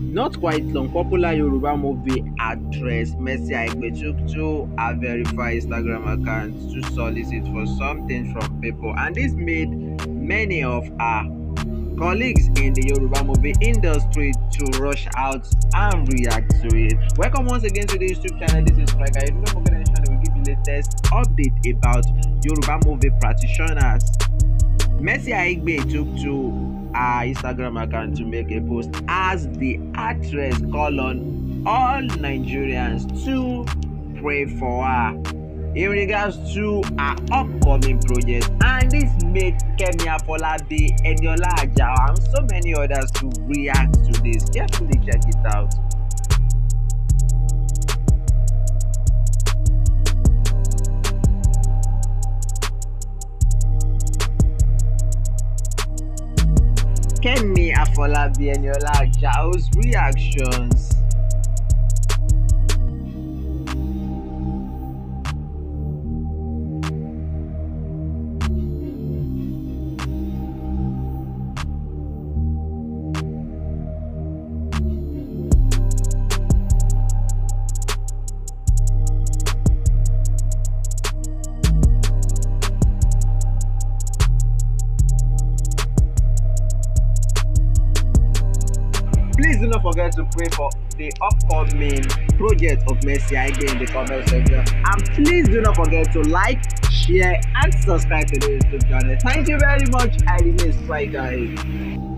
Not quite long, popular Yoruba movie actress Mercy Aigbe took to her verified Instagram account to solicit for something from people, and this made many of her colleagues in the Yoruba movie industry to rush out and react to it. Welcome once again to the YouTube channel. This is Striker. Don't forget to channel will give you latest update about Yoruba movie practitioners. Mercy Aigbe took to her Instagram account to make a post as the actress called on all Nigerians to pray for her in regards to her upcoming project and this made Kemi Afolabi, Eniola Ajawa and so many others to react to this. Carefully check it out. Kenny Afolabi and your like Chaos reactions. Please do not forget to pray for the upcoming project of Mercy Aige in the comment section. And please do not forget to like, share, and subscribe to the YouTube channel. Thank you very much. I remain Striker.